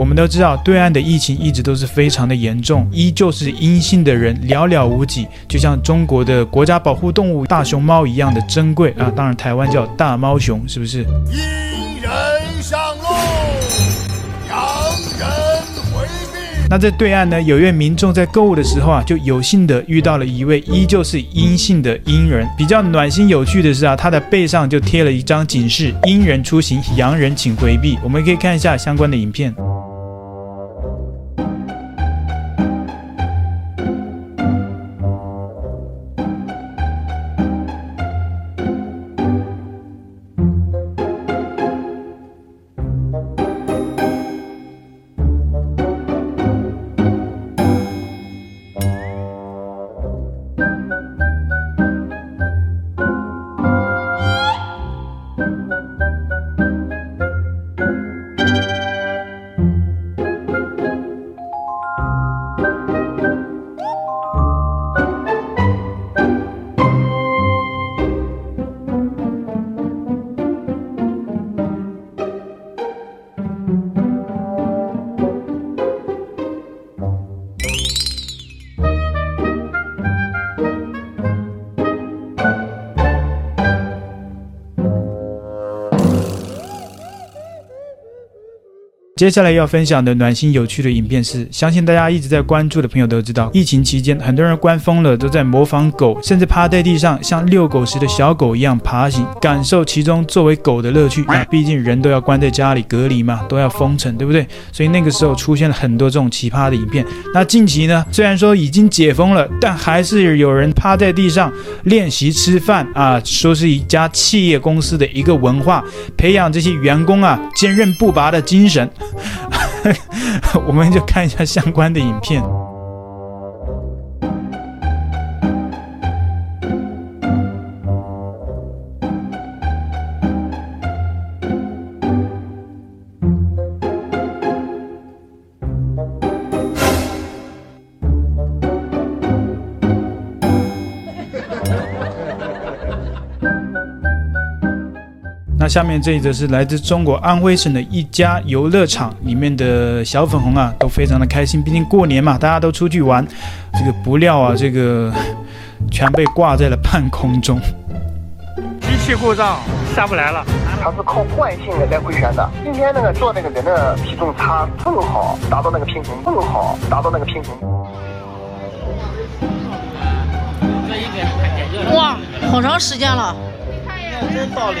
我們都知道，對岸的疫情一直都是非常的嚴重，依舊是陰性的人寥寥無幾，就像中國的國家保護動物大熊貓一樣的珍貴啊。當然，台灣叫大貓熊，是不是？陰人上路，陽人迴避。那在對岸呢，有一位民眾在購物的時候啊，就有幸的遇到了一位依舊是陰性的陰人，比較暖心有趣的是啊，他的背上就貼了一張警示：陰人出行，陽人請迴避。我們可以看一下相關的影片。接下來要分享的暖心有趣的影片是，相信大家一直在關注的朋友都知道，疫情期間，很多人關瘋了，都在模仿狗，甚至趴在地上像遛狗時的小狗一樣爬行，感受其中作為狗的樂趣。啊。畢竟人都要關在家裡隔離嘛，都要封城，對不對？所以那個時候出現了很多這種奇葩的影片。那近期呢，雖然說已經解封了，但還是有人趴在地上練習吃飯啊，說是一家企業公司的一個文化，培養這些員工啊，堅韌不拔的精神。 我們就看一下相關的影片。下面這一則是來自中國安徽省的一家遊樂場裡面的小粉紅啊，都非常的開心。畢竟過年嘛，大家都出去玩。這個不料啊，這個全被掛在了半空中。機器故障，下不來了。它是靠慣性的在迴旋的。今天那個坐那個人的體重差正好達到那個平衡，正好達到那個平衡。哇，好長時間了。真暴力！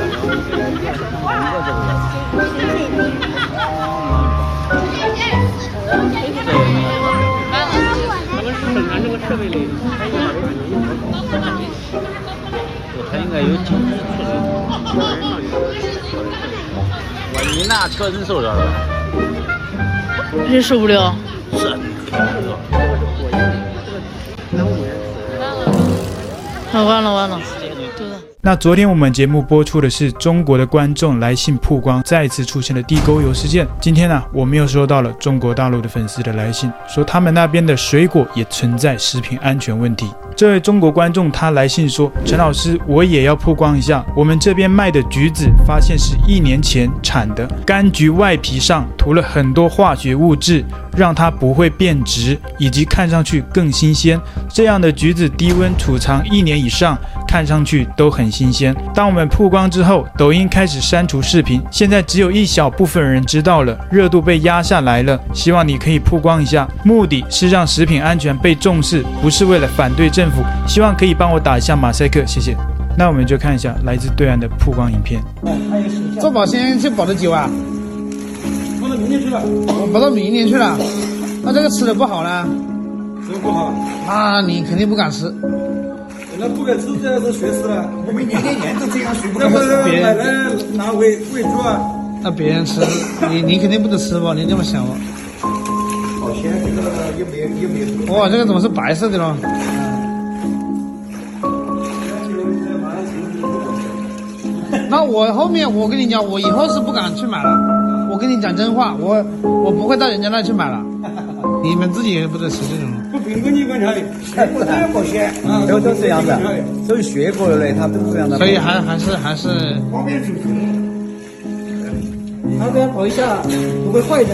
有一急車，理 answers. 你那車真受不了了。真受不了。 是、啊。那完了完了。完了那昨天我們節目播出的是中國的觀眾來信曝光，再次出現了地溝油事件。今天呢、啊，我們又收到了中國大陸的粉絲的來信，說他們那邊的水果也存在食品安全問題。這位中國觀眾他來信說：“陳老師，我也要曝光一下，我們這邊賣的橘子發現是一年前產的，柑橘外皮上塗了很多化學物質，讓它不會變質以及看上去更新鮮。這樣的橘子低溫儲藏一年以上，看上去都很新鮮。當我們曝光之後，抖音開始刪除視頻，現在只有一小部分人知道了，熱度被壓下來了。希望你可以曝光一下，目的是讓食品安全被重視，不是為了反對政府。”希望可以幫我打一下馬賽克，謝謝。那我們就看一下來自對岸的曝光影片。做保鮮能保多久啊？保到明年去了哦。保到明年去了？那這個吃的不好呢？怎麼不好了？那、啊、你肯定不敢吃。那不敢吃，這樣都學吃了。我們年年年都這樣學吃。那不是買來拿回餵豬那別人吃，你你肯定不能吃吧？你這麼想嗎？保鮮這個又沒有又沒有哇，這個怎麼是白色的呢？ 那我後面我跟你講，我以後是不敢去買了。我跟你講真話，我我不會到人家那去買了。你們自己也不得吃這種嗎？不，蘋果你們看，太保險，都都是這樣的都是學過的嘞，嗯、他都是這樣的。所以還還是還是方便儲存，還是要搞一下，不會壞的。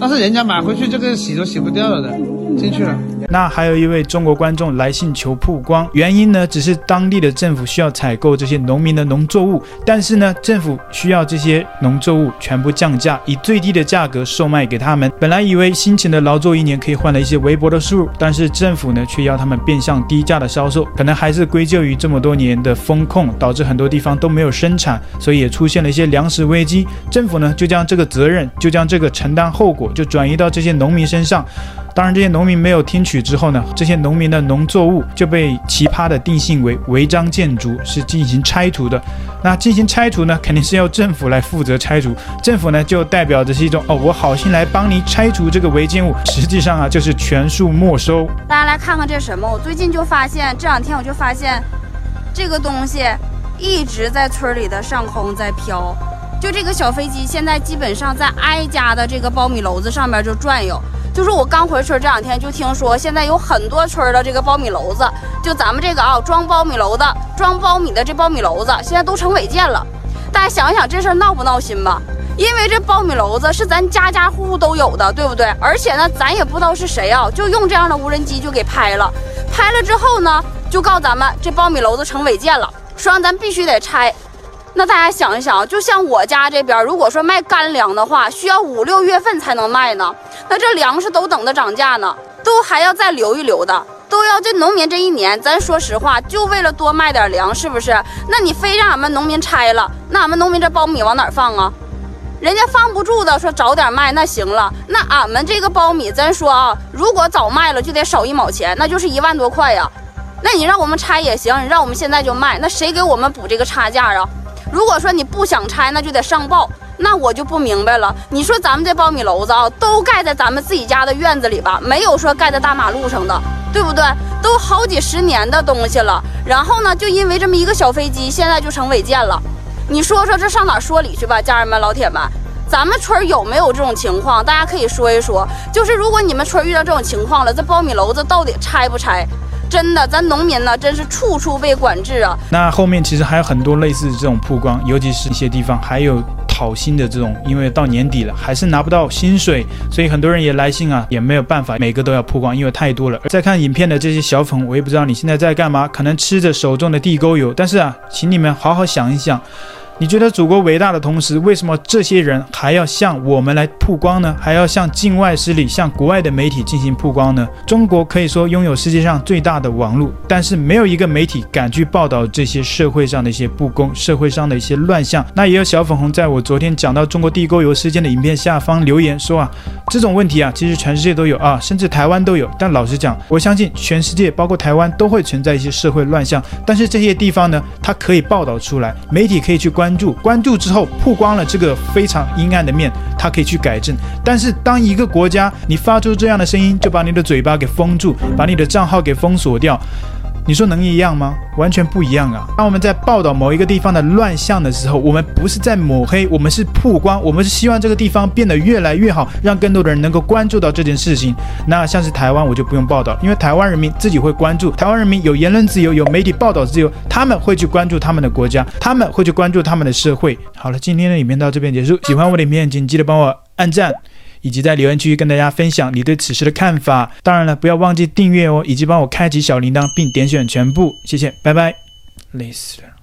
但是人家買回去這個洗都洗不掉了的，進去了。那還有一位中國觀眾來信求曝光，原因呢，只是當地的政府需要採購這些農民的農作物，但是呢，政府需要這些農作物全部降價，以最低的價格售賣給他們。本來以為辛勤的勞作一年可以換來一些微薄的收入，但是政府呢，卻要他們變相低價的銷售。可能還是歸咎於這麼多年的風控，導致很多地方都沒有生產，所以也出現了一些糧食危機。政府呢，就將這個責任，就將這個承擔後果，就轉移到這些農民身上。當然，這些農民沒有聽取。之後呢，這些農民的農作物就被奇葩的定性為違章建築，是進行拆除的。那進行拆除呢，肯定是要政府來負責拆除。政府呢，就代表的是一種哦，我好心來幫你拆除這個違建物，實際上啊，就是全數沒收。大家來看看這什麼？我最近就發現，這兩天我就發現這個東西一直在村裡的上空在飄，就這個小飛機，現在基本上在挨家的這個苞米樓子上面就轉悠。就是我剛回村，這兩天就聽說，現在有很多村的這個苞米樓子，就咱們這個啊，裝苞米樓子、裝苞米的這苞米樓子，現在都成違建了。大家想一想這事鬧不鬧心吧？因為這苞米樓子是咱家家戶戶都有的，對不對？而且呢，咱也不知道是誰啊，就用這樣的無人機就給拍了，拍了之後呢，就告咱們這苞米樓子成違建了，說讓咱必須得拆。那大家想一想，就像我家這邊，如果說賣乾糧的話，需要五六月份才能賣呢。那這糧食都等着漲價呢，都還要再留一留的，都要這農民這一年，咱說實話，就為了多賣點糧，是不是？那你非讓俺們農民拆了，那俺們農民這苞米往哪放啊？人家放不住的，說早點賣那行了。那俺們這個苞米，咱說啊，如果早賣了就得少一毛錢，那就是一萬多塊呀、啊。那你讓我們拆也行，你讓我們現在就賣，那誰給我們補這個差價啊？如果說你不想拆，那就得上報。那我就不明白了。你說咱們這苞米樓子啊，都蓋在咱們自己家的院子裡吧，沒有說蓋在大馬路上的，對不對？都好幾十年的東西了，然後呢，就因為這麼一個小飛機，現在就成違建了。你說說這上哪說理去吧，家人們、老鐵們，咱們村有沒有這種情況？大家可以說一說。就是如果你們村遇到這種情況了，這苞米樓子到底拆不拆？真的，咱農民呢，真是處處被管制啊。那後面其實還有很多類似的這種曝光，尤其是一些地方還有討薪的這種，因為到年底了還是拿不到薪水，所以很多人也來信啊，也沒有辦法，每個都要曝光，因為太多了。再看影片的這些小粉，我也不知道你現在在幹嘛，可能吃着手中的地溝油，但是啊，請你們好好想一想。你覺得祖國偉大的同時，為什麼這些人還要向我們來曝光呢？還要向境外勢力，向國外的媒體進行曝光呢？中國可以說擁有世界上最大的網絡，但是沒有一個媒體敢去報道這些社會上的一些不公、社會上的一些亂象。那也有小粉紅在我昨天講到中國地溝油事件的影片下方留言說啊，這種問題啊，其實全世界都有啊，甚至台灣都有。但老實講，我相信全世界包括台灣都會存在一些社會亂象，但是這些地方呢，它可以報道出來，媒體可以去關。關注關注之後，曝光了這個非常陰暗的面，它可以去改正。但是，當一個國家你發出這樣的聲音，就把你的嘴巴給封住，把你的賬號給封鎖掉。你說能一樣嗎？完全不一樣啊。當我們在報道某一個地方的亂象的時候，我們不是在抹黑，我們是曝光，我們是希望這個地方變得越來越好，讓更多的人能夠關注到這件事情。那像是台灣，我就不用報道，因為台灣人民自己會關注，台灣人民有言論自由，有媒體報道自由，他們會去關注他們的國家，他們會去關注他們的社會。好了，今天的影片到這邊結束，喜歡我的影片，請記得幫我按讚。以及在留言區跟大家分享你對此事的看法。當然了，不要忘記訂閱哦，以及幫我開啟小鈴鐺並點選全部。謝謝，拜拜，累死了。